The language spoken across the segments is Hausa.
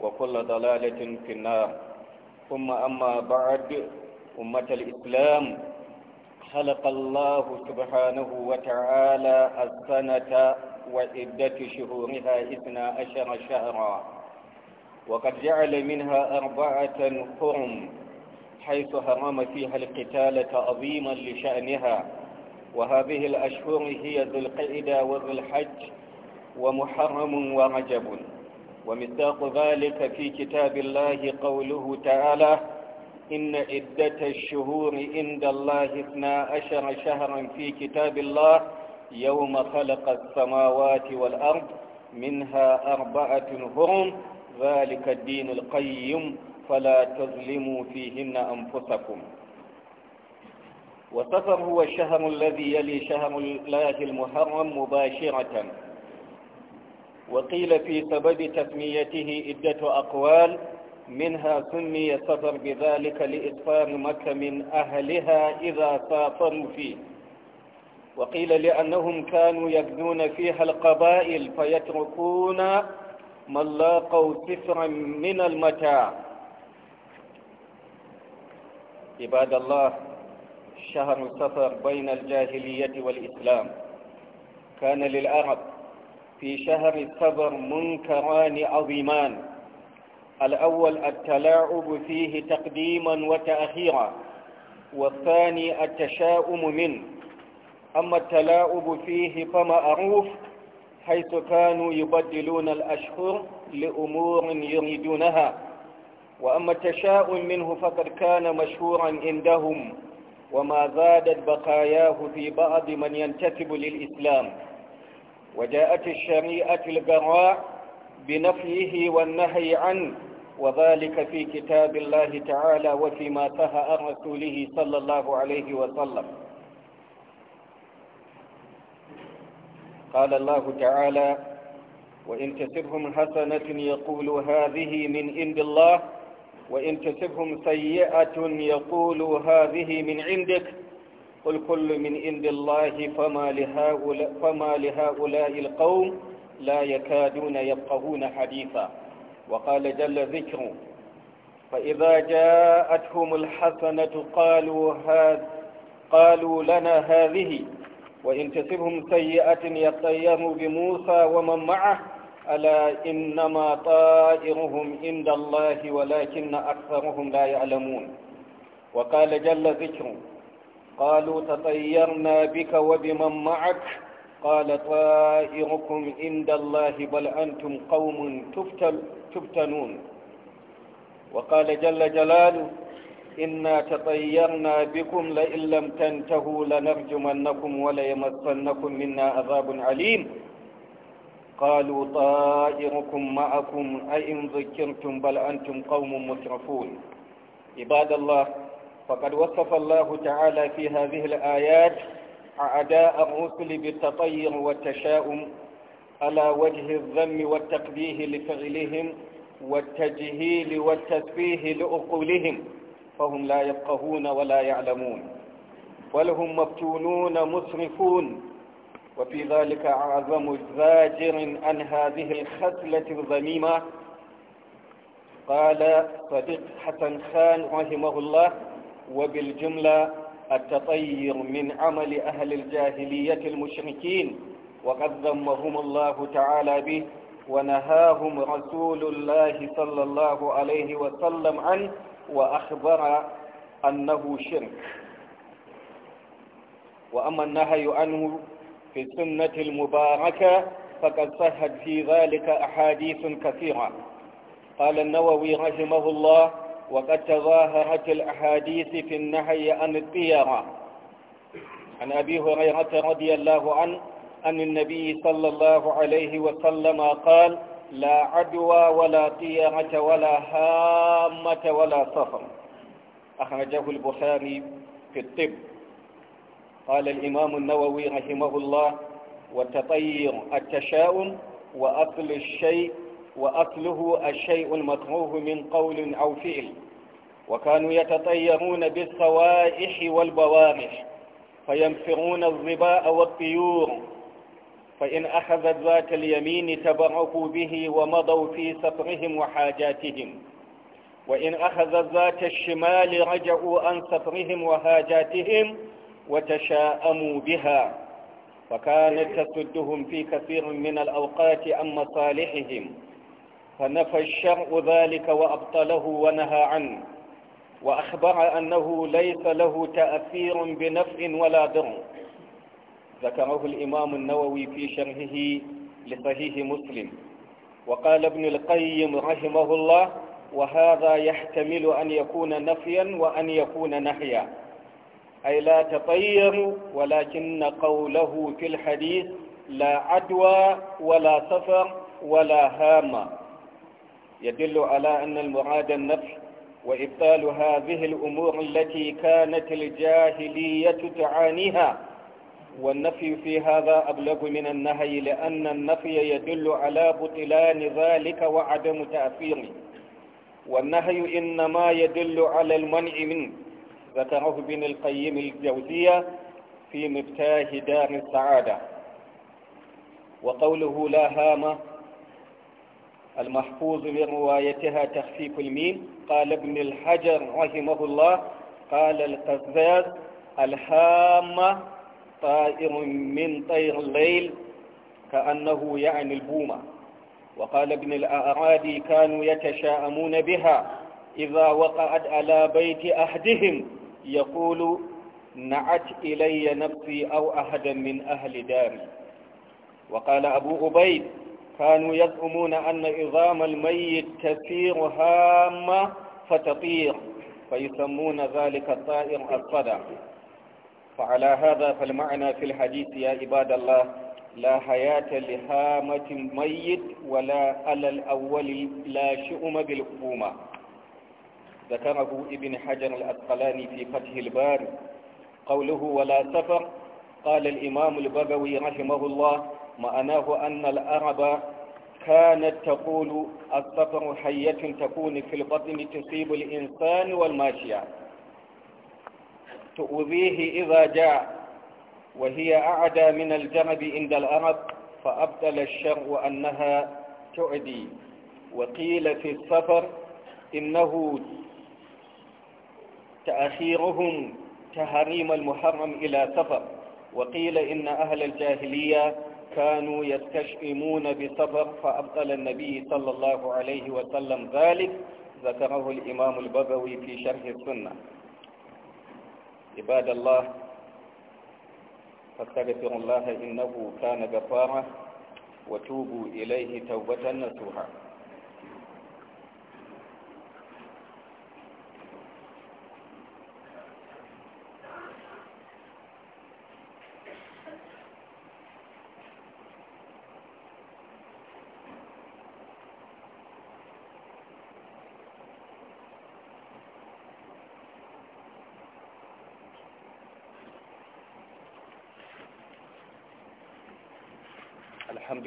وكل ضلالة في النار ثم أما بعد أمة الإسلام خلق الله سبحانه وتعالى السنة وعدة شهورها اثنا عشر شهرا وقد جعل منها أربعة حرم حيث حرم فيها القتال تعظيما لشأنها وهذه الأشهر هي ذو القعدة وذو الحج ومحرم ورجب ومصداق ذلك في كتاب الله قوله تعالى إن عدة الشهور عند الله اثنا عشر شهرا في كتاب الله يوم خلق السماوات والأرض منها أربعة هرم ذلك الدين القيم فلا تظلموا فيهن أنفسكم وصفر هو الشهر الذي يلي شهر الله المحرم مباشرة وقيل في سبب تسميته عدة أقوال منها سمي السفر بذلك لإسفار مكة من أهلها إذا سافروا فيه وقيل لأنهم كانوا يبنون فيها القبائل فيتركون من لاقوا سفرا من المتاع عباد الله شهر سفر بين الجاهلية والإسلام كان للعرب في شهر الصبر منكران عظيمان الأول التلاعب فيه تقديما وتأخيرا والثاني التشاؤم منه أما التلاعب فيه فمعروف حيث كانوا يبدلون الأشهر لأمور يريدونها وأما التشاؤم منه فقد كان مشهورا عندهم وما زادت بقاياه في بعض من ينتسب للإسلام وجاءت الشريعة البراء بنفيه والنهي عنه وذلك في كتاب الله تعالى وفيما تهى رسوله صلى الله عليه وسلم قال الله تعالى وإن تسبهم حسنة يقول هذه من عند الله وإن تسبهم سيئة يقول هذه من عندك قل كل من عند الله فما لهؤلاء, فما لهؤلاء القوم لا يكادون يفقهون حديثا وقال جل ذكره فإذا جاءتهم الحسنة قالوا هذا قالوا لنا هذه وإن تسبهم سيئة يطيروا بموسى ومن معه ألا إنما طائرهم عند الله ولكن أكثرهم لا يعلمون وقال جل ذكره قالوا تطيرنا بك وبمن معك قال طائركم عند الله بل أنتم قوم تفتنون وقال جل جلاله إنا تطيرنا بكم لئن لم تنتهوا لنرجمنكم وليمسنكم منا عذاب عليم قالوا طائركم معكم أئن ذكرتم بل أنتم قوم مسرفون عباد الله فقد وصف الله تعالى في هذه الآيات أعداء الرسل بالتطير والتشاؤم على وجه الذم والتقبيه لفعلهم والتجهيل والتسفيه لأقولهم فهم لا يفقهون ولا يعلمون ولهم مفتونون مسرفون وفي ذلك أعظم زاجر عن هذه الخسلة الذميمة قال صديق حسن خان رحمه الله وبالجملة التطير من عمل أهل الجاهلية المشركين وقد ذمهم الله تعالى به ونهاهم رسول الله صلى الله عليه وسلم عنه وأخبر أنه شرك وأما النهي عنه في السنة المباركة فقد صحت في ذلك أحاديث كثيرة قال النووي رحمه الله وقد تظاهرت الأحاديث في النهي عن الطيرة عن أبي هريرة رضي الله عنه أن النبي صلى الله عليه وسلم قال لا عدوى ولا طيرة ولا هامة ولا صفر أخرجه البخاري في الطب قال الإمام النووي رحمه الله وتطير التشاؤم وأكل الشيء وأصله الشيء المكروه من قول أو فعل وكانوا يتطيرون بالصوائح والبوارح فينفرون الظباء والطيور فإن أخذت ذات اليمين تبركوا به ومضوا في سفرهم وحاجاتهم وإن أخذت ذات الشمال رجعوا عن سفرهم وحاجاتهم وتشاءموا بها فكانت تسدهم في كثير من الأوقات عن مصالحهم فنفى الشرع ذلك وأبطله ونهى عنه وأخبر أنه ليس له تأثير بنفع ولا ضر ذكره الإمام النووي في شرحه لصحيح مسلم وقال ابن القيم رحمه الله وهذا يحتمل أن يكون نفيا وأن يكون نهيا أي لا تطير ولكن قوله في الحديث لا عدوى ولا سفر ولا هامة يدل على أن المراد النفي وإبطال هذه الأمور التي كانت الجاهلية تعانيها والنفي في هذا أبلغ من النهي لأن النفي يدل على بطلان ذلك وعدم تأثيره والنهي إنما يدل على المنع منه ذكره ابن القيم الجوزية في مفتاح دار السعادة وقوله لا هامة المحفوظ من روايتها تخفيف الميم قال ابن الحجر رحمه الله قال القزاز الحامة طائر من طير الليل كأنه يعني البومة وقال ابن الأعرابي كانوا يتشاءمون بها إذا وقعت على بيت أحدهم يقول نعت إلي نفسي أو أحدا من أهل داري وقال أبو عبيد كانوا يزعمون أن عظام الميت تسير هامة فتطير فيسمون ذلك الطائر الصدى فعلى هذا فالمعنى في الحديث يا عباد الله لا حياة لهامة ميت ولا على الأول لا شؤم بالحكومة ذكره ابن حجر الأسقلاني في فتح الباري قوله ولا سفر قال الإمام البغوي رحمه الله معناه أن العرب كانت تقول السفر حية تكون في البطن تصيب الإنسان والماشية تؤذيه إذا جاء وهي أعدى من الجرب عند العرب فأبدل الشرع أنها تعدي وقيل في السفر إنه تأخيرهم تحريم المحرم إلى سفر وقيل إن أهل الجاهلية كانوا يستشئمون بسبب فأبطل النبي صلى الله عليه وسلم ذلك ذكره الإمام البغوي في شرح السنة عباد الله فاستغفر الله إنه كان غفارا وتوبوا إليه توبة نصوحا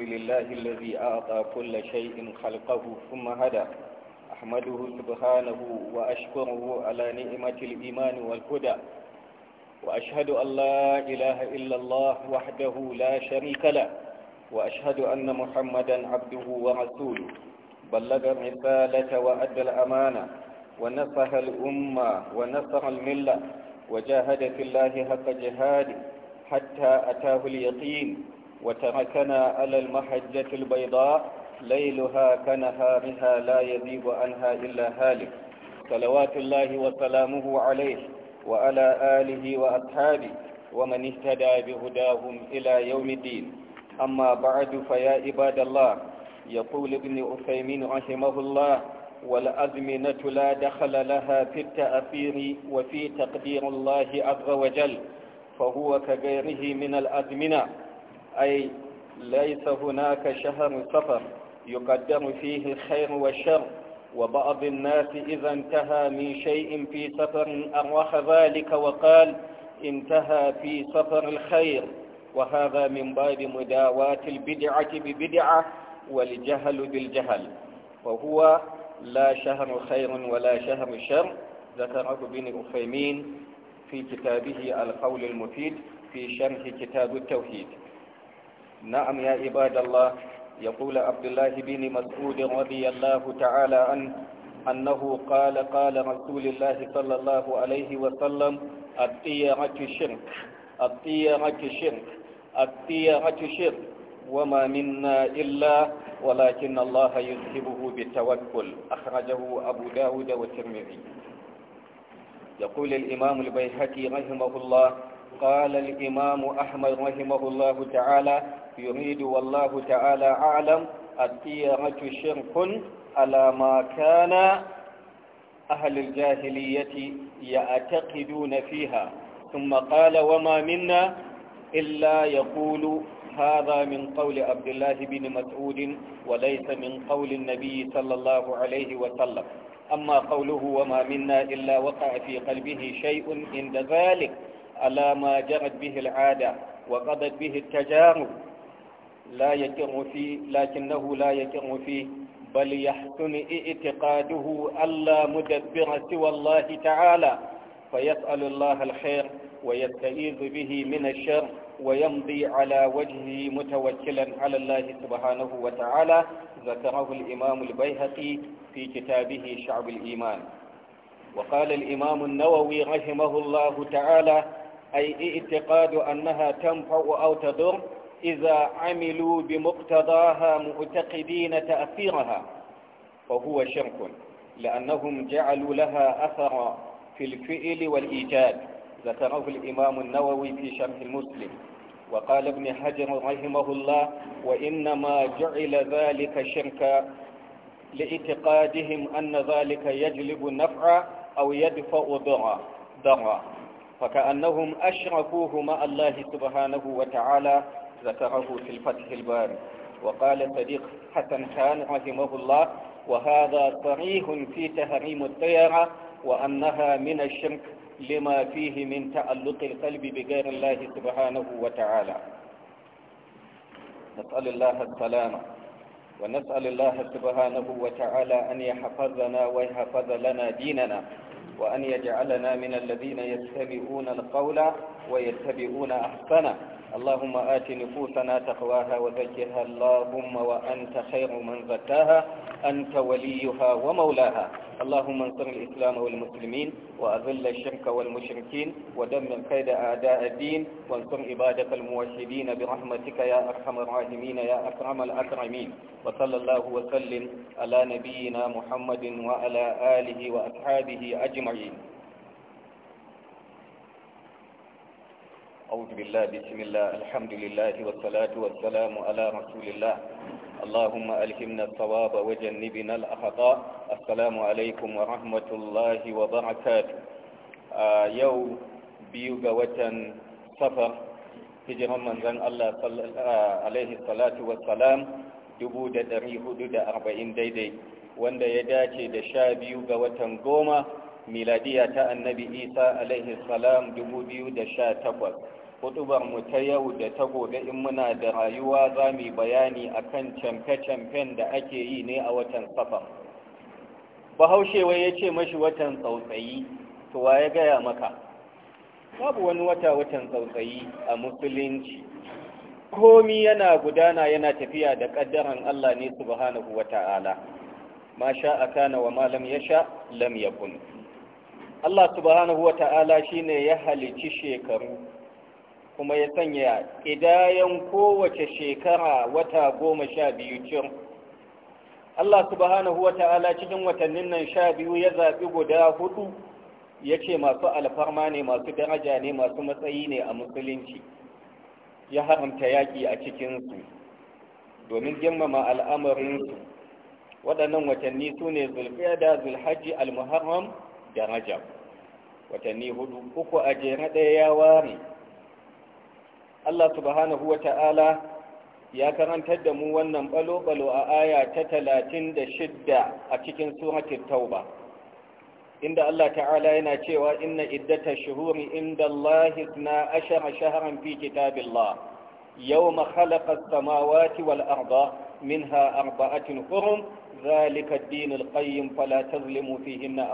الحمد لله الذي أعطى كل شيء خلقه ثم هدى أحمده سبحانه وأشكره على نعمة الإيمان والهدى وأشهد أن لا إله إلا الله وحده لا شريك له وأشهد أن محمدا عبده ورسوله بلغ الرسالة وأدى الأمانة ونصح الأمة ونصح الملة وجاهد في الله حق جهاده حتى أتاه اليقين وتركنا على المحجة البيضاء ليلها كنهارها لا يذيب عنها إلا هالك صلوات الله وسلامه عليه وعلى آله وأصحابه ومن اهتدى بهداهم إلى يوم الدين أما بعد فيا عباد الله يقول ابن عثيمين رحمه الله والأزمنة لا دخل لها في التأثير وفي تقدير الله عز وجل فهو كغيره من الأزمنة أي ليس هناك شهر سفر يقدر فيه الخير والشر وبعض الناس إذا انتهى من شيء في سفر أرخ ذلك وقال انتهى في سفر الخير وهذا من باب مداواة البدعة ببدعة والجهل بالجهل وهو لا شهر خير ولا شهر شر ذكره ابن أخيمين في كتابه القول المفيد في شرح كتاب التوحيد نعم يا عباد الله يقول عبد الله بن مسعود رضي الله تعالى عنه أنه قال قال رسول الله صلى الله عليه وسلم الطيرة شرك الطيرة شرك الطيرة شرك وما منا إلا ولكن الله يذهبه بالتوكل أخرجه أبو داود والترمذي يقول الإمام البيهقي رحمه الله قال الإمام أحمد رحمه الله تعالى يريد والله تعالى أعلم الطيرة شرك على ما كان أهل الجاهلية يعتقدون فيها ثم قال وما منا إلا يقول هذا من قول عبد الله بن مسعود وليس من قول النبي صلى الله عليه وسلم أما قوله وما منا إلا وقع في قلبه شيء عند ذلك على ما جرت به العادة وقضت به التجارب لا يكر فيه لكنه لا يكر فيه بل يحسن اعتقاده ألا مدبر سوى الله تعالى فيسأل الله الخير ويستعيذ به من الشر ويمضي على وجهه متوكلا على الله سبحانه وتعالى ذكره الإمام البيهقي في كتابه شعب الإيمان وقال الإمام النووي رحمه الله تعالى أي اعتقاد أنها تنفع أو تضر إذا عملوا بمقتضاها معتقدين تأثيرها فهو شرك لأنهم جعلوا لها أثر في الفعل والإيجاد ذكره الإمام النووي في شرح المسلم وقال ابن حجر رحمه الله وإنما جعل ذلك شركا لاعتقادهم أن ذلك يجلب نفعا أو يدفع ضرا ضرا فكأنهم أشركوه مع الله سبحانه وتعالى ذكره في الفتح الباري وقال صديق حسن خان رحمه الله وهذا صريح في تهريم الطيرة وأنها من الشرك لما فيه من تعلق القلب بغير الله سبحانه وتعالى نسأل الله السلامة ونسأل الله سبحانه وتعالى أن يحفظنا ويحفظ لنا ديننا وأن يجعلنا من الذين يتبعون القول ويتبعون أحسنه اللهم آت نفوسنا تقواها وزكها اللهم وأنت خير من زكاها أنت وليها ومولاها اللهم انصر الإسلام والمسلمين وأذل الشرك والمشركين ودمر كيد أعداء الدين وانصر عبادك الموحدين برحمتك يا أرحم الراحمين يا أكرم الأكرمين وصلى الله وسلم على نبينا محمد وعلى آله وأصحابه أجمعين أعوذ بالله بسم الله الحمد لله والصلاة والسلام على رسول الله اللهم ألهمنا الصواب وجنبنا الأخطاء السلام عليكم ورحمة الله وبركاته يوم بيوغ وطن صفر هجر من زن الله صلى عليه الصلاة والسلام dubu da ɗari hudu da arba'in daidai wanda ya dace da sha biyu ga watan goma miladiya ta annabi isa alaihi salam dubu biyu da sha takwas hudubar mu ta yau da ta gobe in muna da rayuwa za mu bayani akan camfe-camfen da ake yi ne a watan safar bahaushewa ya ce mashi watan tsautsayi to wa ya gaya maka babu wani wata watan tsautsayi a musulunci komi yana gudana yana tafiya da ƙaddaran Allah ne subhanahu wa ma sha a kana wa malam ya sha lam yakun Allah subhanahu wa ta'ala shine ya halici shekaru kuma ya sanya ƙidayen kowace shekara wata goma sha biyu cin Allah subhanahu wa ta'ala cikin watannin nan sha biyu ya zaɓi guda hudu ya ce masu alfarma ne masu daraja ne masu matsayi ne a musulunci ya haramta yaƙi a cikinsu domin girmama al'amarinsu waɗannan watanni su ne zulƙiyada zulhajji almuharram da rajab watanni hudu uku a jere ɗaya ya ware Allah subhanahu wa ta'ala ya karantar da mu wannan balo-balo a aya ta talatin da shidda a cikin suratun tauba inda Allah ta'ala yana cewa inna iddata shuhuri inda Allah na ashara shaharan fi kitabillah yau khalaqa as-samawati wal arda minha arba'atun hurum zalika ad-din al-qayyim fala tazlimu fihinna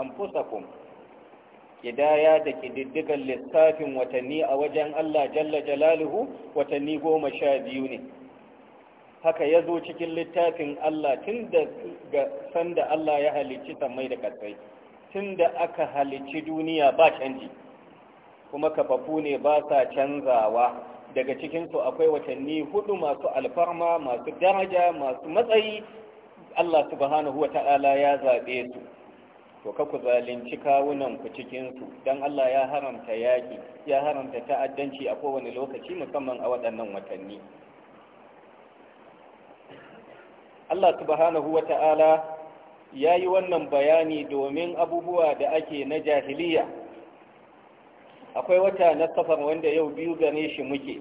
kidaya da ƙididdigar lissafin watanni a wajen Allah jalla jalaluhu watanni goma sha biyu ne haka ya zo cikin littafin Allah tun da sanda Allah ya halicci sammai da ƙasai tun da aka halicci duniya ba canji kuma kafafu ne ba sa canzawa daga cikinsu akwai watanni hudu masu alfarma masu daraja masu matsayi Allah subhanahu wa ta'ala ya zaɓe su to ka ku zalunci kawunanku cikinsu don Allah ya haramta yaƙi ya haramta ta'addanci a kowane lokaci musamman a waɗannan watanni Allah subhanahu wa ta'ala ya yi wannan bayani domin abubuwa da ake na jahiliya akwai wata na safar wanda yau biyu gane shi muke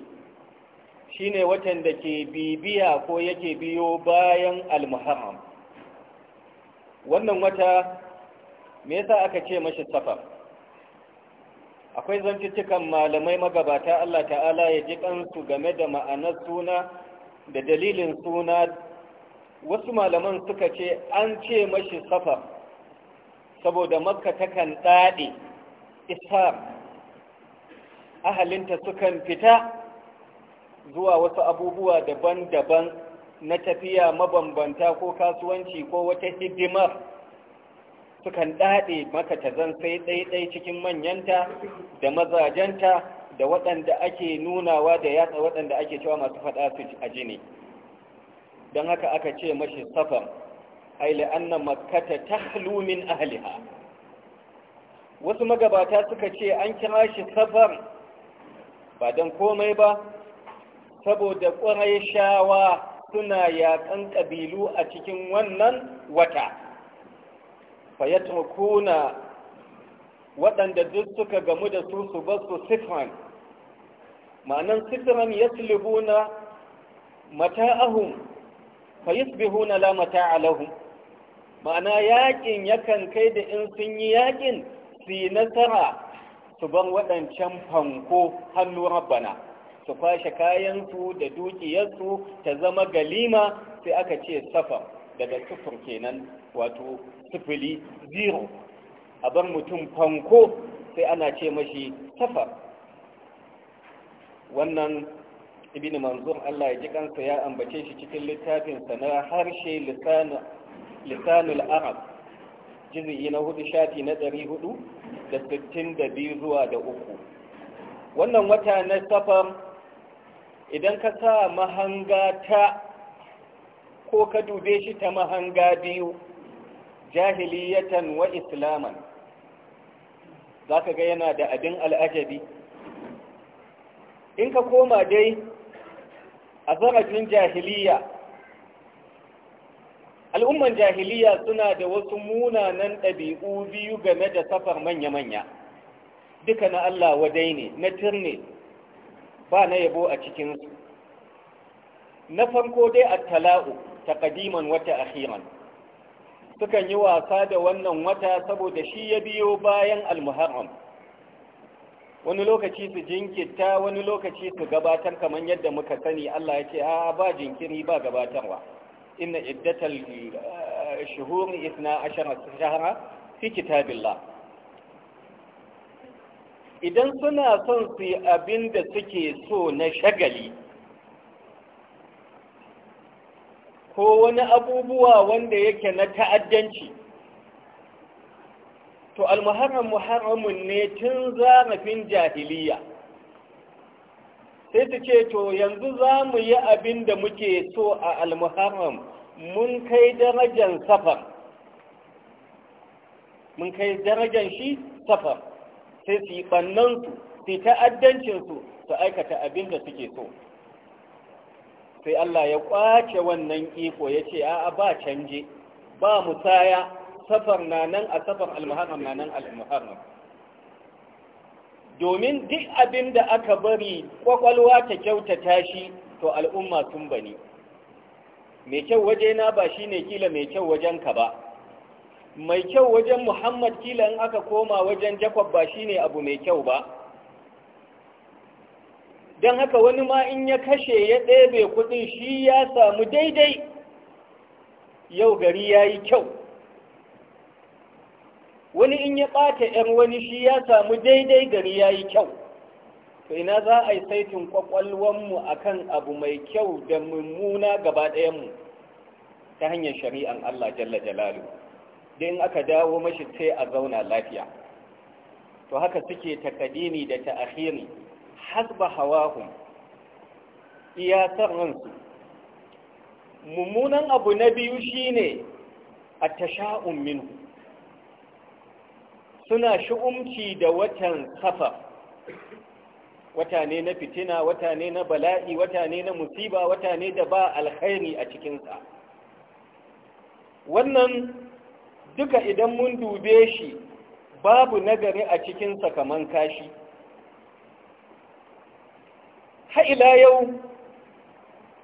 shine watan da ke bibiya ko yake biyo bayan almuharram wannan wata me yasa aka ce mashi safar akwai zancicikan malamai magabata Allah ta'ala ya ji kansu game da ma'anar suna da dalilin suna wasu malaman suka ce an ce mashi safar saboda makka takan daɗe isar ahalinta sukan fita zuwa wasu abubuwa daban-daban na tafiya mabambanta ko kasuwanci ko wata hidimar sukan daɗe maka ta zan sai ɗaiɗai cikin manyanta da mazajenta da waɗanda ake nunawa da yatsa waɗanda ake cewa masu faɗa su a jini don haka aka ce mashi safar ai la'anna makkata ta min ahaliha wasu magabata suka ce an kira shi safar ba don komai ba saboda ƙwarai shawa suna yaƙan ƙabilu a cikin wannan wata kuna waɗanda duk suka gamu da su su basu sifan ma'anan sifran yaslubuna mata'ahum fayasbihuna la mata'a ma'ana yaƙin yakan kai da in sun yi yaƙin su yi nasara su bar waɗancan fanko hannu rabbana su kwashe kayansu da dukiyarsu ta zama galima sai aka ce safa daga sufur kenan wato sifili zero a bar mutum fanko sai ana ce mashi safar wannan ibn manzon Allah ya ji kansa ya ambace shi cikin littafinsa na harshe lisanul arab jizi'i na hudu shafi na ɗari hudu da sittin da biyu zuwa da uku wannan wata na safar idan ka sa mahanga ta ko ka dube shi ta mahanga biyu jahiliyatan wa islaman za ga yana da abin al'ajabi in ka koma dai a zarafin jahiliya al'umman jahiliya suna da wasu munanan ɗabi'u biyu game da safar manya-manya duka na Allah wadai ne na turne ba na yabo a cikinsu na farko dai a tala'u ta ƙadiman wata akhiran sukan yi wasa da wannan wata saboda shi ya biyo bayan almuharram wani lokaci su jinkirta wani lokaci su gabatar kamar yadda muka sani Allah ya ce a ba jinkiri ba gabatarwa inna iddatal eh, shuhur isna ashara shahara fi kitabillah idan suna son su yi abin suke so na shagali ko wani abubuwa wanda yake na ta'addanci to almuharram muharramun ne tun zarafin jahiliya sai su ce to yanzu za mu yi abin da muke so a almuharram mun kai darajan safar mun kai darajar shi safar sai su yi ɓannansu su ta'addancinsu su aikata abin da suke so sai Allah ya kwace wannan iko ya ce a'a ba canje ba musaya safar na nan a safar almuharram na nan almuharram domin duk abin da aka bari kwakwalwa ta kyautata shi to al'umma sun bani mai kyau waje na ba shi ne kila mai kyau wajenka ba mai kyau wajen muhammad kila in aka koma wajen jakwab ba shi ne abu mai kyau ba don haka wani ma in ya kashe ya ɗebe kudin shi ya samu daidai yau gari ya yi kyau wani in ya ɓata ‘yan wani shi ya samu daidai gari ya yi kyau to ina za a yi saitin ƙwaƙwalwanmu a kan abu mai kyau da mummuna gaba ɗayanmu ta hanyar shari'an Allah jalla jalalu don aka dawo mashi sai a zauna lafiya to haka suke takadini da ta'akhiri hasba hawahum iyakar ransu mummunan abu na biyu shine a tasha'un minhu suna shi'umci da watan safa wata ne na fitina wata ne na bala'i wata ne na musiba wata ne da ba alkhairi a cikinsa wannan duka idan mun dube shi babu nagari a cikinsa kaman kashi ha ila yau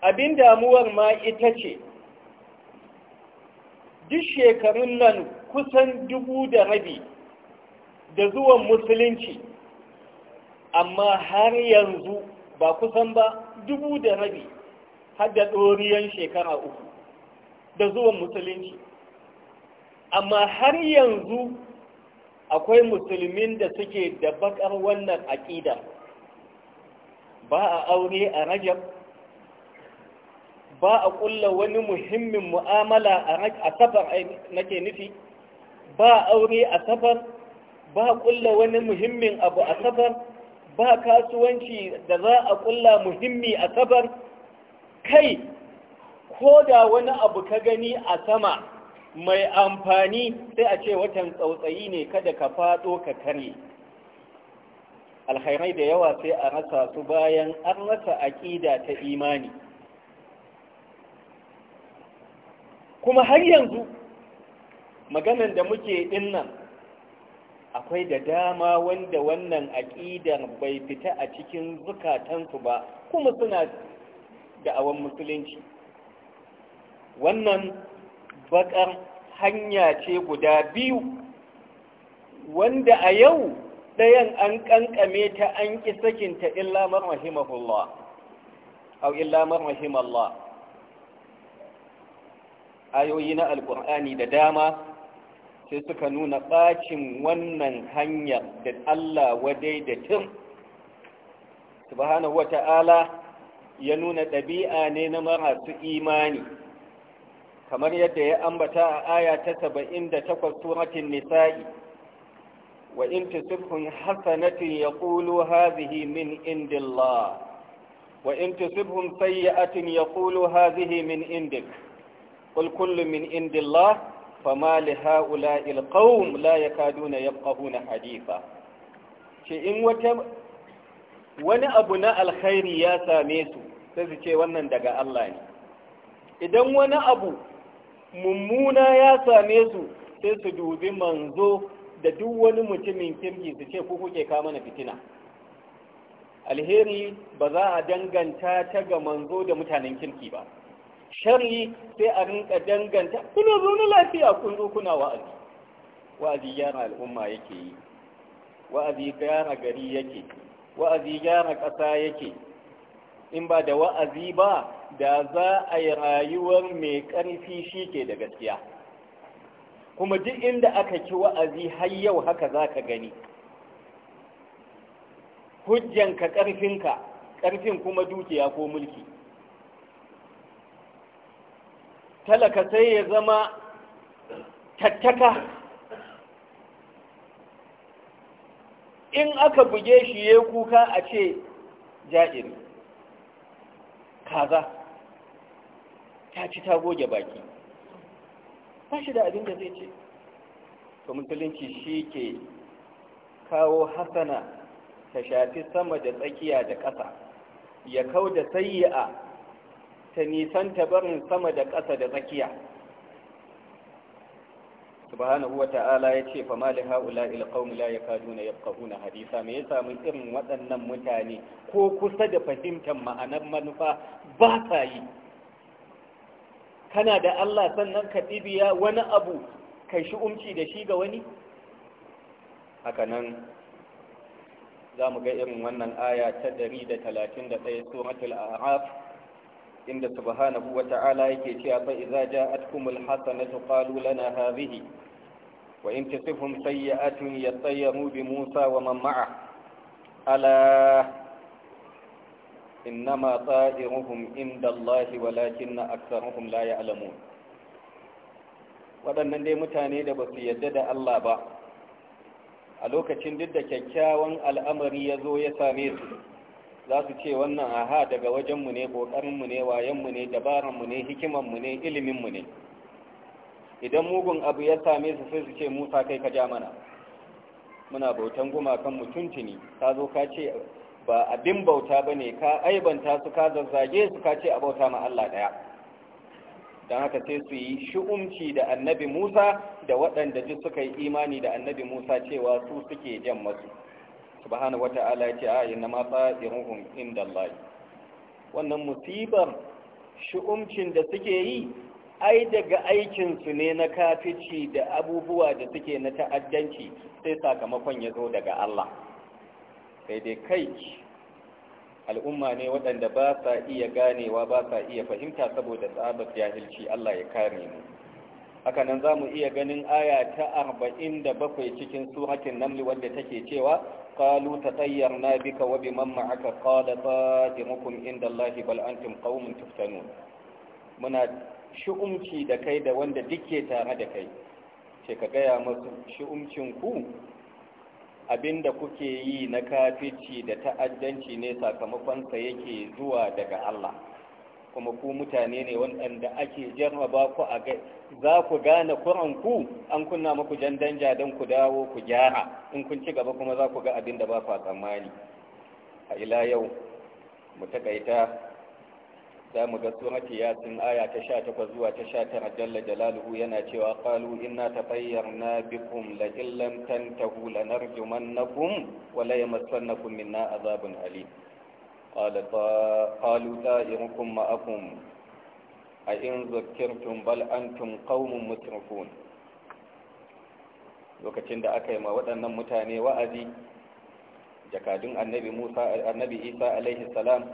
abin damuwar ma ita ce duk shekarun nan kusan dubu da rabi da zuwan musulunci amma har yanzu ba kusan ba dubu da rabi har da ɗoriyan shekara uku da zuwan musulunci amma har yanzu akwai musulmin da suke da bakar wannan aƙidar ba a aure a rajab ba a kulla wani muhimmin mu'amala a safar nake nufi ba a aure a safar ba a kulla wani muhimmin abu a safar ba kasuwanci da za a kulla muhimmi a safar kai ko da wani abu ka gani a sama mai amfani sai a ce watan tsautsayi ne kada ka faɗo ka karye alhairai da yawa sai a rasa su bayan an rasa aƙida ta imani kuma har yanzu maganan da muke dinnan akwai da dama wanda wannan aƙidar bai fita a cikin zukatansu ba kuma suna da da'awan musulunci wannan bakar hanya ce guda biyu wanda a yau ɗayan an ƙanƙame ta an ƙi sakinta illa man rahimahullah au rahimallah ayoyi na alƙur'ani da dama sai suka nuna ɓacin wannan hanyar da Allah wadai da tun subhanahu wata'ala ya nuna ɗabi'a ne na marasu imani kamar yadda ya ambata a aya ta 78 suratul nisa'i وإن تصبهم حسنة يقولوا هذه من عند الله وإن تصبهم سيئة يقولوا هذه من عندك قل كل من عند الله فما لهؤلاء القوم لا يكادون Hadifa. حديثا in wata wani abu na alkhairi ya same su sai su ce wannan daga Allah ne idan wani abu mummuna ya same su sai su dubi manzo da duk wani mutumin kirki su ce ku kuke kama na fitina alheri ba za a danganta ta ga manzo da mutanen kirki ba shari sai a rinka danganta kuna zaune lafiya kun zo kuna wa'azi wa'azi gyara al'umma yake yi wa'azi gyara gari yake wa'azi gyara ƙasa yake in ba da wa'azi ba da za a yi rayuwar mai ƙarfi shi ke da gaskiya kuma duk inda aka ki wa'azi har yau haka za ka gani hujjanka ƙarfinka ƙarfin kuma dukiya ko mulki talaka sai ya zama tattaka in aka buge shi ya kuka a ce ja'iri kaza ta ci ta goge baki ba shi da abin da zai ce to musulunci shi ke kawo hasana ta shafi sama da tsakiya da ƙasa ya kau da sayi'a ta nisan barin sama da ƙasa da tsakiya subhanahu wa ta'ala ya ce fa mali haula ila qaumi la yakaduna yafqahuna hadisa me yasa mun irin waɗannan mutane ko kusa da fahimtar ma'anar manufa ba sa yi kana da Allah sannan ka wani abu kai shi umci da shi ga wani haka nan za mu ga irin wannan aya ta 131 suratul a'raf inda subhanahu wata'ala yake cewa fa idza ja'atkumul hasanatu qalu lana hadhihi wa in tasifhum sayyi'atun yatayyamu bi Musa wa man ma'a ala إنما طائرهم عند الله ولكن أكثرهم لا يعلمون waɗannan dai mutane da ba su yadda da Allah ba a lokacin duk da kyakkyawan al'amari ya zo ya same su za su ce wannan aha daga wajenmu ne ƙoƙarinmu ne wayenmu ne dabaranmu ne hikimanmu ne iliminmu ne idan mugun abu ya same su sai su ce musa kai ka ja mana muna bautan gumakan mutuntuni ta zo ka ce ba abin bauta ba ne ka aibanta su ka zazzage su ka ce a bauta ma Allah ɗaya don haka sai su yi shi'umci da annabi musa da waɗanda ji suka yi imani da annabi musa cewa su suke jan masu subhana wa ta'ala ya ce a yi na matsa inda Allah wannan musibar shi'umcin da suke yi ai daga aikinsu ne na kafici da abubuwa da suke na ta'addanci sai sakamakon ya zo daga Allah sai dai kai al'umma ne waɗanda ba sa iya ganewa ba sa iya fahimta saboda tsabar jahilci Allah ya kare mu haka nan za mu iya ganin aya ta arba'in da bakwai cikin suratin namli wadda take cewa 'Kalu ta qalu na bika aka kada ma'aka qala mukun inda Allah bal antum qaumun tuftanu muna shi'umci da kai da wanda dike tare da kai ce ka gaya masu shu'umcin ku Abin da kuke yi na kafici da ta'addanci ne sakamakonsa yake zuwa daga Allah kuma ku mutane ne wanda ake jarraba ku a ga za ku gane kuranku an kunna muku jan danja don ku dawo ku gyara in kun ci gaba kuma za ku ga abin da ba ku tsammani a ila yau mu taƙaita za mu ga surati yasin aya ta sha takwas zuwa ta sha tara jalla jalaluhu yana cewa qalu inna tafayyarna bikum la illam tantahu lanarjumannakum wa la yamassannakum minna azabun alim qala qalu ta'irukum ma'akum a in zakkirtum bal antum qaumun musrifun lokacin da aka yi ma waɗannan mutane wa'azi jakadun annabi Musa annabi Isa alaihi salam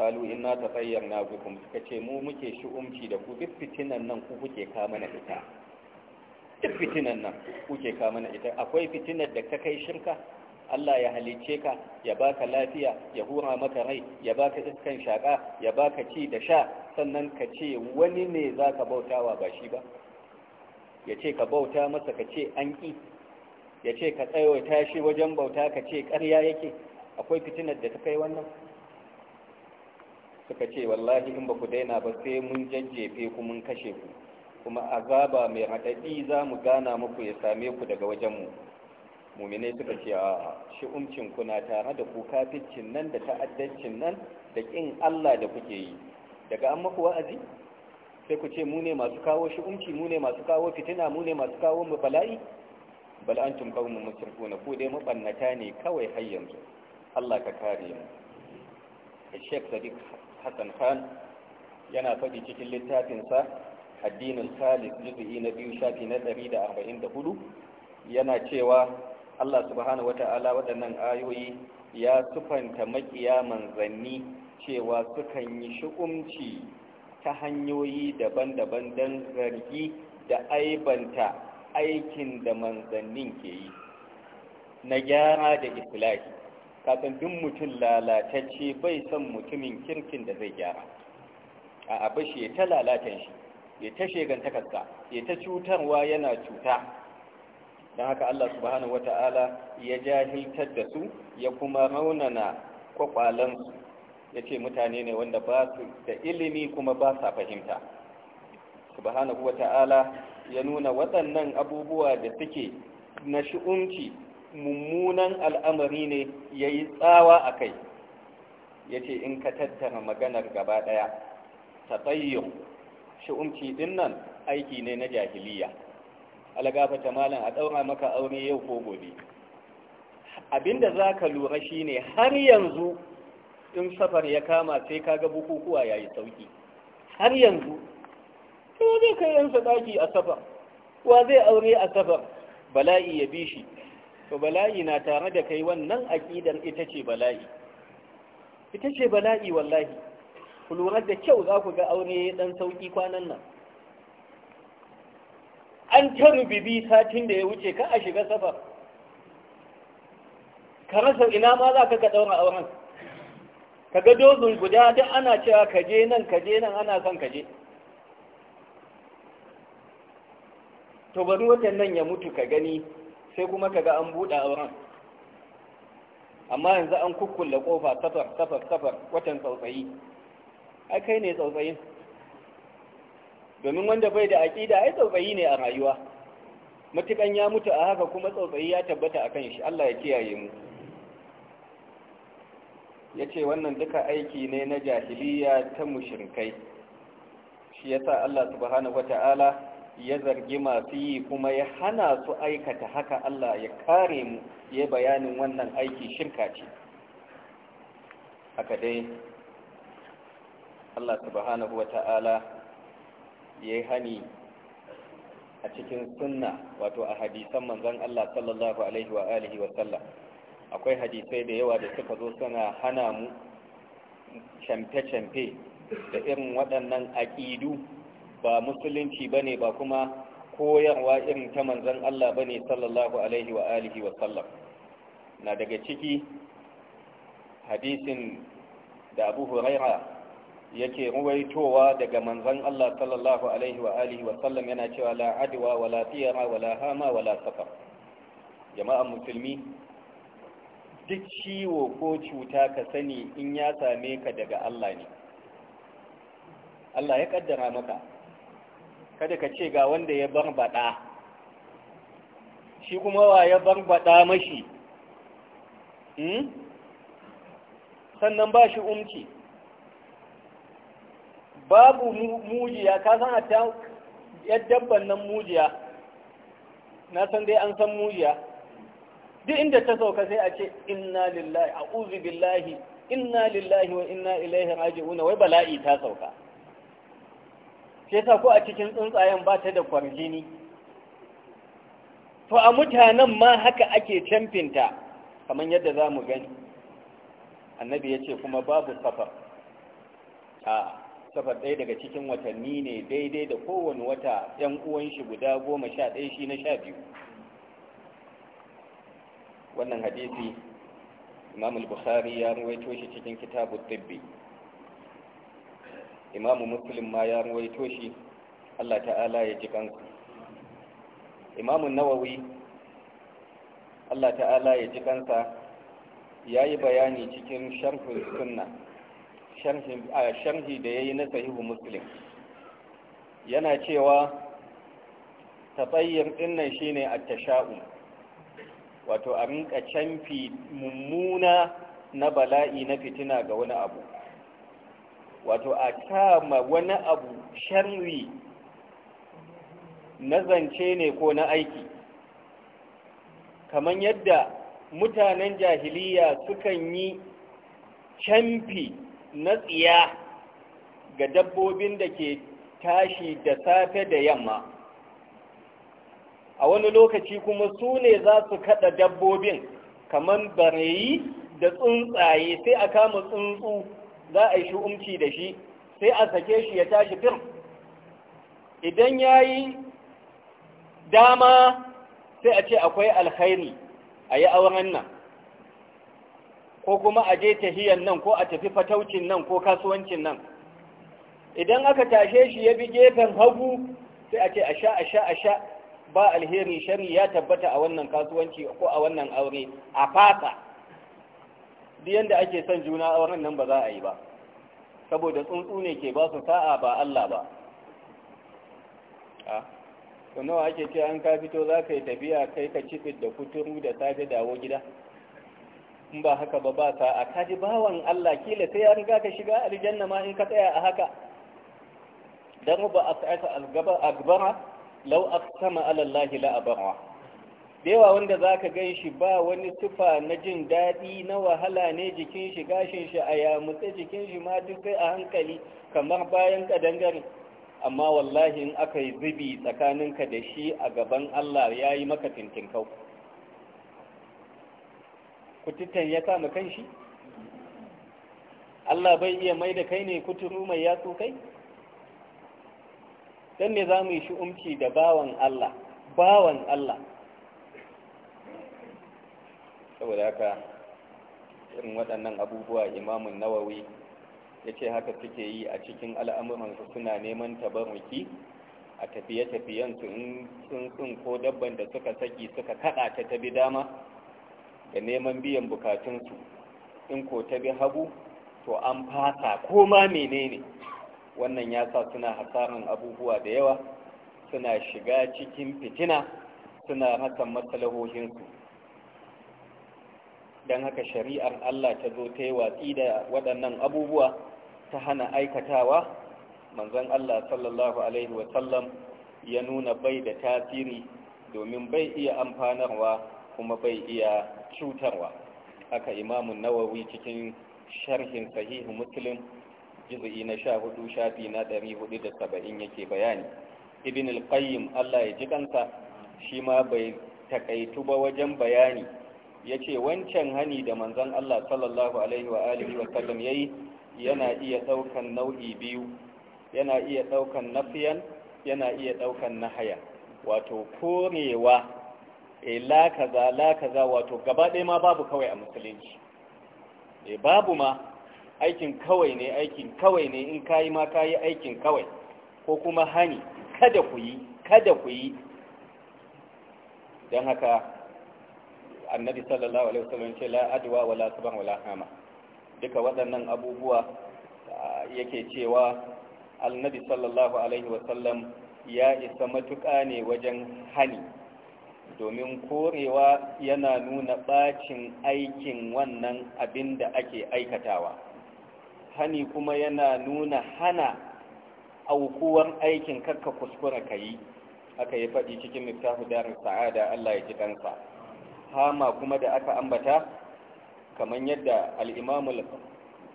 kalu inna tatayyarna bikum suka ce mu muke shi umci da ku duk fitinan nan ku kuke ka mana ita duk fitinan nan kuke ka mana ita akwai fitinar da ka kai shirka Allah ya halice ka ya baka lafiya ya hura maka rai ya baka iskan shaka ya baka ci da sha sannan ka ce wani ne zaka bautawa ba shi ba ya ce ka bauta masa ka ce an ki ya ce ka tsayo tashi wajen bauta ka ce ƙarya yake akwai fitinar da ta kai wannan suka ce wallahi in ba ku daina ba sai mun jajjefe ku mun kashe ku kuma azaba mai haɗaɗi za mu gana muku ya same ku daga wajenmu mumine suka ce a shi umcin kuna tare da ku kaficin nan da ta'addancin nan da ƙin Allah da kuke yi daga an maku wa'azi sai ku ce mu ne masu kawo shi umci mu ne masu kawo fitina mu ne masu kawo mu bala'i bal antum qaumun musrifuna ku dai mabannata ne kawai har yanzu Allah ka kare mu Sheikh Sadiq hassan khan yana faɗi cikin littafinsa addinin khalis juzu'i na biyu shafi na 144 yana cewa allah subhanahu wata'ala waɗannan ayoyi ya sufanta makiya manzanni cewa sukan yi shi'umci ta hanyoyi daban-daban don zargi da aibanta aikin da manzannin ke yi na gyara da islahi kafin duk mutum lalatacce bai son mutumin kirkin da zai gyara a abashi ya ta lalatan shi ya ta shegantakarsa ya ta cutarwa yana cuta don haka Allah subhanahu wata'ala ya jahiltar da su ya kuma raunana kwakwalansu ya ce mutane ne wanda ba su da ilimi kuma ba sa fahimta subhanahu wata'ala ya nuna waɗannan abubuwa da suke na shi'unci mummunan al'amari ne ya yi tsawa a kai ya ce in ka tattara maganar gaba ɗaya ta shi shi'umci ɗin nan aiki ne na jahiliya algafata malam a ɗaura maka aure yau ko gobe abinda za ka lura shi ne har yanzu in safar ya kama sai ka ga bukukuwa ya yi sauki har yanzu sai zai kai yansa ɗaki a safar wa zai aure a safar bala'i ya bi shi to bala'i na tare da kai wannan aƙidar ita ce bala'i ita ce bala'i wallahi ku lura da kyau za ku ga aure ɗan sauƙi kwanan nan an ta satin da ya wuce ka a shiga safa ka rasa ina ma za ka ka ɗaura auren ka ga dozin guda duk ana cewa ka je nan ka je nan ana son ka je to bari watan nan ya mutu ka gani sai kuma ka ga an buɗe auren amma yanzu an kukkulle ƙofa safar safar safar watan tsautsayi ai kai ne tsautsayin domin wanda bai da aƙida ai tsautsayi ne a rayuwa matukan ya mutu a haka kuma tsautsayi ya tabbata a kan shi Allah ya kiyaye mu Ya ce wannan duka aiki ne na jahiliya ta mushrikai shi yasa Allah subhanahu wataala ya zargi masu yi kuma ya hana su aikata haka Allah ya kare mu ya bayanin wannan aiki shirka ce haka dai Allah subhanahu wa ta'ala ya yi hani a cikin sunna wato a hadisan manzan Allah sallallahu alaihi wa alihi wa sallam akwai hadisai da yawa da suka zo suna hana mu shamfe-shamfe da irin waɗannan aƙidu ba musulunci ba ne ba kuma koyarwa irin ta manzan Allah ba ne, sallallahu alaihi wa alihi wa sallam na daga ciki hadisin da Abu Huraira yake ruwaitowa daga manzan Allah sallallahu alaihi wa alihi wa sallam yana cewa la adwa wala tiyara wala hama wala safar jama'an musulmi duk ciwo ko cuta ka sani in ya same ka daga Allah ne Allah ya kaddara maka kada ka ce ga wanda ya baɗa, shi kuma wa ya barbada mashi hmm? sannan ba shi umci babu mujiya ka san a can dabban nan mujiya na san dai an san mujiya duk inda ta sauka sai a ce inna lillahi a'udhu billahi inna lillahi wa inna ilaihi raji'un wai bala'i ta sauka shi yasa ko a cikin tsuntsayen ba ta da kwarjini to a mutanen ma haka ake canfinta. kamar yadda za mu gani annabi ya ce kuma babu safar a safar ɗaya daga cikin watanni ne daidai da kowane wata ‘yan uwan shi guda goma sha ɗaya shi na sha biyu wannan hadisi imam al-bukhari ya ruwaito shi cikin kitabu tibbi imamu muslim ma ya ruwaito shi Allah ta'ala ya ji kansu imamu nawawi Allah ta'ala ya ji kansa ya yi bayani cikin sharhul sunna sharhi da ya yi na sahihu muslim yana cewa tabayyar dinnan shine a tasha'u wato a rinka canfi mummuna na bala'i na fitina ga wani abu wato a kama wani abu sharri na zance ne ko na aiki kamar yadda mutanen jahiliya sukan yi camfi na tsiya ga dabbobin da ke tashi da safe da yamma a wani lokaci kuma su ne za su kada dabbobin kamar barayi da tsuntsaye sai a kama tsuntsu za a yi shu'umci da shi sai a sake shi ya tashi fir idan ya yi dama sai a ce akwai alkhairi a yi auren nan ko kuma a je tahiyan nan ko a tafi fataucin nan ko kasuwancin nan idan aka tashe shi ya bi gefen hagu sai a ce a sha a sha a sha ba alheri shari ya tabbata a wannan kasuwanci ko a wannan aure a fata duk yanda ake son juna auren nan ba za a yi ba saboda tsuntsu ne ke ba su sa'a ba Allah ba a ah, nawa ake ce an ka fito za ka yi tafiya kai ka cibit da kuturu da safe dawo gida in ba haka ba ba sa'a ka ji bawan Allah kila sai an ga ka shiga aljanna ma in ka tsaya a haka dan ba a sa'ata algaba agbara law aqsama ala Allah la da wanda za ka gan shi ba wani tufa na jin daɗi na wahala ne jikin shi gashin shi a yamutse jikin shi ma duk sai a hankali kamar bayan ƙadangare amma wallahi in aka yi zubi tsakaninka da shi a gaban Allah ya yi maka tintinkau kututtan ya kama kan shi Allah bai iya mai da kai ne kuturu mai yatsu kai don ne za mu yi shi umci da bawan Allah bawan Allah saboda haka irin waɗannan abubuwa imamun nawawi ya ce haka suke yi a cikin al'amuransu suna neman tabaruki a tafiye-tafiyensu in sun ko dabban da suka saki suka kaɗa ta tabi dama da neman biyan bukatunsu in ko tabi hagu to an fasa ko ma menene wannan ya sa suna hasarin abubuwa da yawa suna shiga cikin fitina suna rasa matsalahohinsu don haka shari'ar Allah ta zo ta yi watsi da waɗannan abubuwa ta hana aikatawa manzon Allah sallallahu alaihi wasallam ya nuna bai da tasiri domin bai iya amfanarwa kuma bai iya cutarwa Aka imamun nawawi cikin sharhin sahihu muslim juz'i na sha hudu shafi na ɗari hudu da saba'in yake bayani ibn al-qayyim Allah ya ji kansa shi ma bai takaitu ba wajen bayani ya ce wancan hani da manzan Allah sallallahu alaihi wa’alihi wa sallam ya yi yana iya ɗaukan nau'i biyu yana iya ɗaukan nafiyan yana iya ɗaukan nahaya wato korewa e la kaza la kaza wato gaba ɗaya ma babu kawai a musulunci e babu ma aikin kawai ne aikin kawai ne in kayi ma kayi aikin kawai ko kuma hani kada ku yi kada ku yi don haka annabi sallallahu alaihi wasallam ce la adwa wala saban wala hama duka waɗannan abubuwa ah, yake cewa annabi sallallahu alaihi wasallam ya isa matuƙa ne wajen hani domin korewa yana nuna ɓacin aikin wannan abin da ake aikatawa hani kuma yana nuna hana aukuwar aikin karka kuskura ka yi aka yi faɗi cikin miftahu darin sa'ada Allah ya ji ɗansa hama kuma da aka ambata kamar yadda al'imamul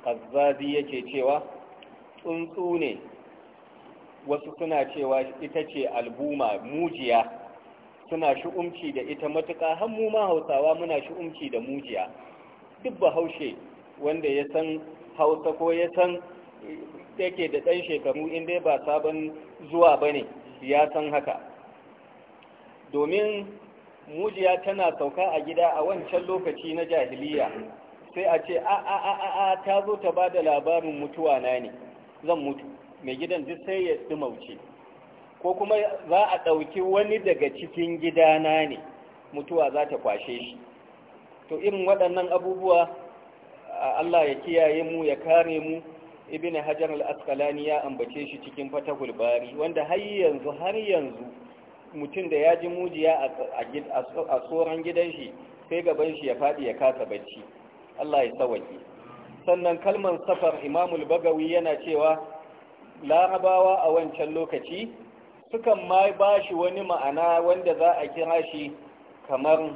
kazzazi yake cewa tsuntsu ne wasu suna cewa ita ce albuma mujiya suna shi'umci da ita matuƙa hannu ma hausawa muna shi'umci da mujiya duk bahaushe wanda ya san hausa ko ya san yake da ɗan shekaru inda ba sabon zuwa ba ne ya san haka domin mujiya tana sauka a gida a wancan lokaci na jahiliya sai a ce a a a a ta zo ta ba da labarin mutuwa na ne zan mutu mai gidan duk sai ya dumauce ko kuma za a ɗauki wani daga cikin gidana ne mutuwa za ta kwashe shi to irin waɗannan abubuwa Allah ya kiyaye mu ya kare mu ibn hajar al-asqalani ya ambace shi cikin fatahul bari wanda har yanzu har yanzu mutum da ya ji mujiya a tsoron gidan shi sai gaban shi ya faɗi ya kasa bacci Allah ya sawaki sannan kalmar safar imamul bagawi yana cewa larabawa a wancan lokaci sukan ma ba shi wani ma'ana wanda za a kira shi kamar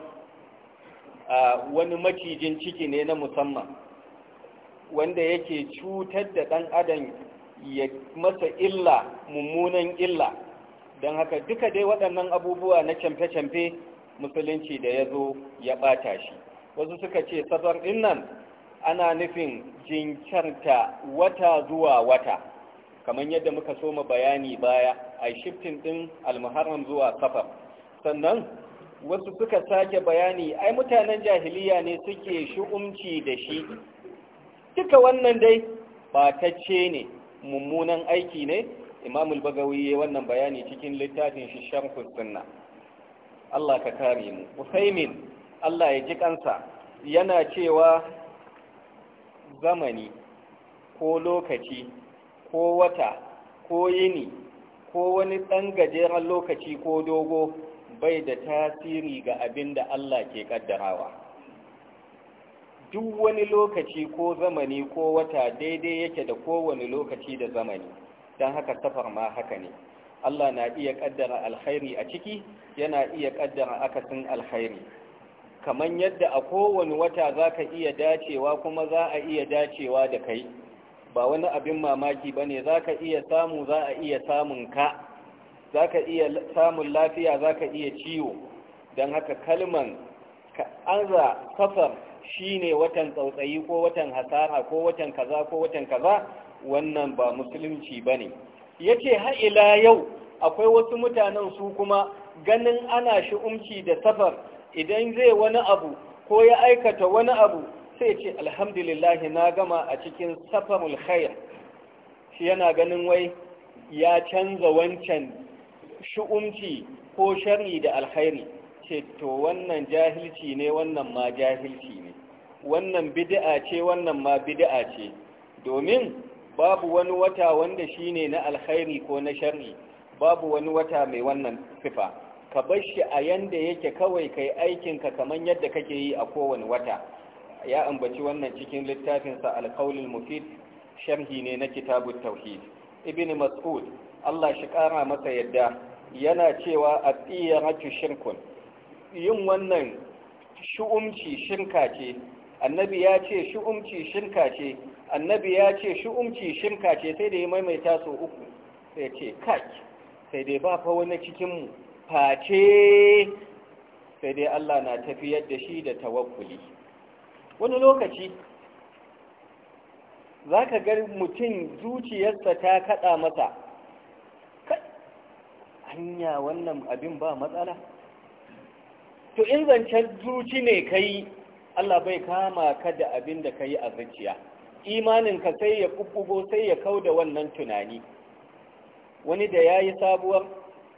a wani macijin ciki ne na musamman wanda yake cutar da ɗan adam ya masa illa mummunan illa don haka duka dai waɗannan abubuwa na camfe-camfe musulunci da ya zo ya ɓata shi wasu suka ce safar ɗin ana nufin jinkarta wata zuwa wata kamar yadda muka so soma bayani baya a shiftin ɗin almuharram zuwa safar sannan wasu suka sake bayani ai mutanen jahiliya ne suke shu'umci da shi duka wannan dai ba ta ce ne mummunan aiki ne imam al-bagawi ya wannan bayani cikin littafin shi sharhus sunna Allah ka kare mu usaimin Allah ya ji kansa yana cewa zamani ko lokaci ko wata ko yini ko wani ɗan gajeren lokaci ko dogo bai da tasiri ga abinda Allah ke ƙaddarawa duk wani lokaci ko zamani ko wata daidai yake da kowane lokaci da zamani don haka safar ma haka ne Allah na iya kaddara alkhairi a ciki yana iya kaddara akasin alkhairi kamar yadda a kowane wata za ka iya dacewa kuma za a iya dacewa da kai ba wani abin mamaki ba ne za ka iya samu za a iya samun ka za ka iya samun lafiya za ka iya ciwo don haka kalman anza safar shi ne watan tsautsayi ko watan hasara ko watan kaza ko watan kaza wannan ba musulunci ba ne ya ce ha'ila yau akwai wasu mutanen su kuma ganin ana shi da safar idan zai wani abu ko ya aikata wani abu sai ce alhamdulillahi na gama a cikin safarul khair shi yana ganin wai ya canza wancan shi'umci ko shari da alkhairi ce to wannan jahilci ne wannan ma jahilci ne wannan bid'a ce wannan ma bid'a ce domin babu wani wata wanda shi ne na alkhairi ko na shari. babu wani wata mai wannan sifa ka bar shi a yanda yake kawai ka yi aikinka kamar yadda kake yi a kowane wata ya ambaci wannan cikin littafinsa alkaulin mufid sharhi ne na kitabun tauhid ibn mas'ud Allah shi kara masa yadda yana cewa a tiyaratu shirkun yin wannan shu'umci shirka annabi ya ce shu'umci shirka ce annabi ya ce shi umci shimka ce sai da ya maimaita su uku sai ce kai sai dai ba fa wani cikinmu face sai dai Allah na tafiyar da shi da tawakkuli wani lokaci za ka ga mutum zuciyarsa ta kaɗa masa hanya wannan abin ba matsala to in zancen zuci ne kai Allah bai kama ka da abin da ka yi a zuciya imaninka sai ya kubbugo sai ya kau da wannan tunani wani da ya yi sabuwar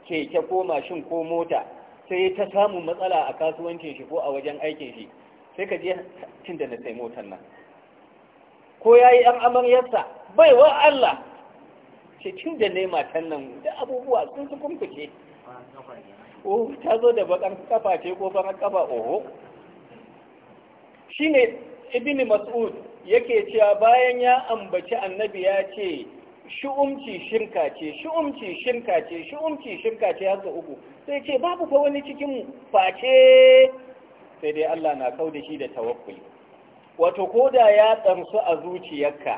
keke ko mashin ko mota sai ta samu matsala a kasuwancin shi ko a wajen aikin shi sai ka je tunda na sai motar nan ko ya yi ɗan amaryarsa bai wa Allah ce da ne matan nan da abubuwa sun su ce. oh ta zo da bakan kafa ce ko farar kafa oho shine ibn mas'ud yake cewa bayan ya ambaci annabi ya ce shi'umci shirka ce shi'umci shirka ce shi'umci shirka ce haka uku sai ce babu fa wani cikin face sai dai Allah na kau da shi da tawakkuli wato koda ya tsamsu a zuciyarka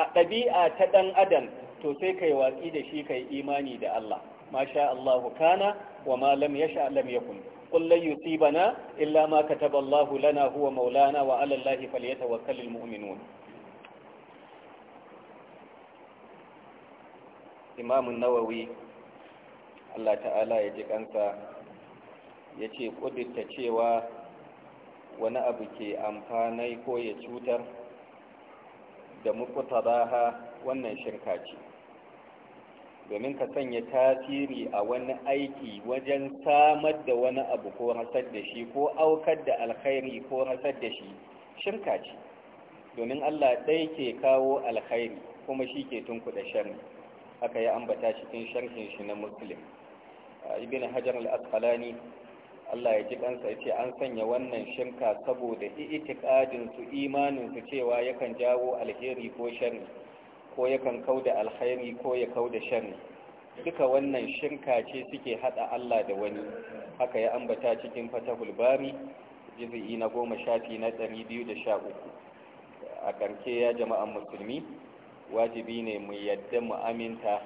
a ɗabi'a ta ɗan adam to sai kai watsi da shi kai imani da Allah masha Allahu kana wa ma lam yasha lam yakun قل لن يصيبنا إلا ما كتب الله لنا هو مولانا وعلى الله فليتوكل المؤمنون إمام النووي الله تعالى يجيك أنت يجي قدر تشيوى wani abu ke amfanai ko ya cutar da muku tabaha wannan shirka ce domin ka sanya tasiri a wani aiki wajen samar da wani abu ko rasar da shi ko aukar da alkhairi ko rasar da shi shirka ce domin Allah ɗai ke kawo alkhairi kuma shi ke tunkuɗa sharri aka yi ambata cikin sharhin shi na muslim ibn hajar al-asqalani Allah ya ji ɗansa ya ce an sanya wannan shirka saboda itikadin su imaninsu cewa yakan jawo alheri ko sharri ko yakan kau da alkhairi ko ya kau da shari duka wannan shirka ce suke hada Allah da wani haka ya ambata cikin fatahul bari jizi'i na goma shafi na 213 a karke ya jama'an musulmi wajibi ne mu yadda mu aminta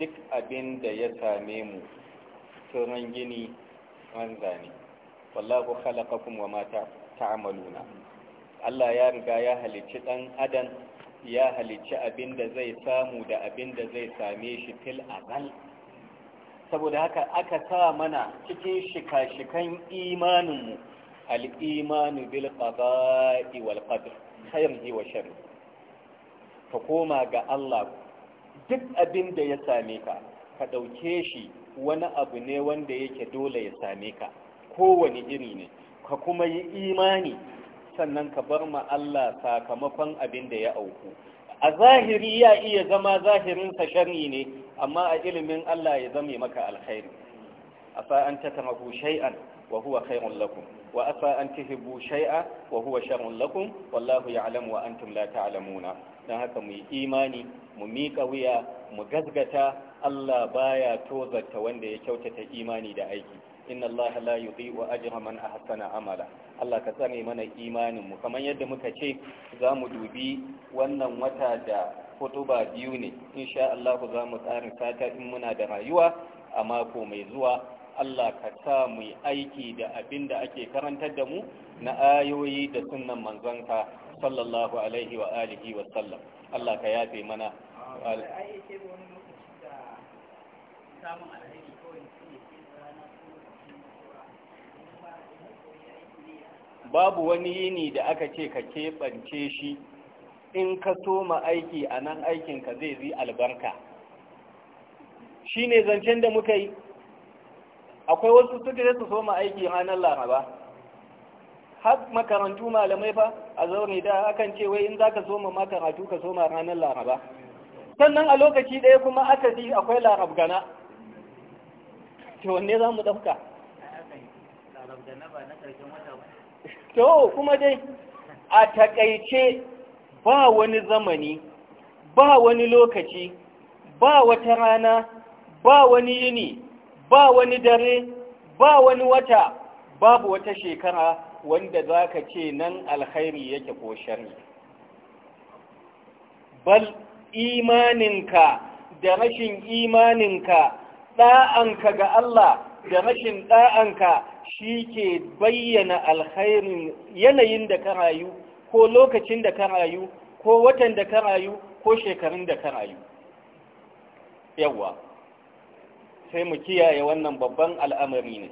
duk abin da ya same mu turan gini manza ne wallahu khalaqakum wa ma ta'maluna Allah ya riga ya halicci dan adam ya halicci abin da zai samu da abin da zai same shi fil azal saboda haka aka sa mana cikin shika-shikan imaninmu al'imanu bil qada'i wal qadr khairihi wa ka koma ga Allah duk abin da ya same ka ka ɗauke shi wani abu ne wanda yake dole ya same ka Kowani iri ne ka kuma yi imani sannan ka bar ma Allah sakamakon abin da ya auku a zahiri ya iya zama zahirinsa shari ne amma a ilimin Allah ya zame maka alkhairi asa an tatamahu shay'an wa huwa khairun lakum wa sa'an ta tuhibbu shay'a wa huwa sharrun lakum wallahu ya'lamu wa antum la haka mu yi imani mu miƙa wuya mu gazgata Allah baya tozarta wanda ya kyautata imani da aiki inna Allah la yudhi'u ajra man ahsana amala Allah ka tsare mana imaninmu kamar yadda muka ce za mu dubi wannan wata da hutuba biyu ne insha Allah za mu tsarin sata in muna da rayuwa a mako mai zuwa Allah ka sa mu aiki da abin da ake karantar da mu na ayoyi da sunnan manzanka sallallahu alaihi wa alihi wa sallam Allah ka yafe mana samun alheri babu wani yini da aka ce ka keɓance shi in ka soma aiki a nan aikinka zai zi albarka shi ne zancen da muka yi akwai wasu da su soma aiki ranar laraba har makarantu malamai fa a zaune da akan ce wai in za ka soma makarantu ka soma ranar laraba sannan a lokaci ɗaya kuma aka ji akwai larab gana ce wanne za mu ɗauka larab gana ba na ƙarshen wata ba to kuma dai a takaice ba wani zamani ba wani lokaci ba wata rana ba wani yini ba wani dare ba wani wata babu wata shekara wanda za ka ce nan alkhairi yake ko shari bal imaninka da rashin imaninka ɗa'anka ga Allah da rashin ɗa'anka shi ke bayyana alkhairin yanayin da ka rayu ko lokacin da ka rayu ko watan da ka rayu ko shekarun da ka rayu yawwa sai mu kiyaye wannan babban al'amari ne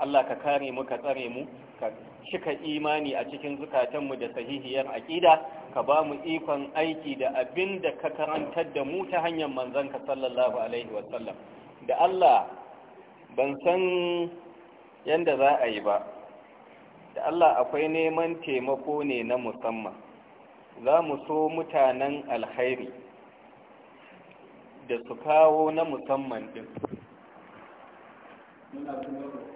Allah ka kare mu ka tsare mu ka cika imani a cikin zukatanmu da sahihiyar aƙida ka ba mu ikon aiki da abin da ka karantar da mu ta hanyar manzanka sallallahu alaihi wasallam da Allah ban san yadda za a yi ba da Allah akwai neman taimako ne na musamman za mu so mutanen alkhairi da su kawo na musamman ɗin.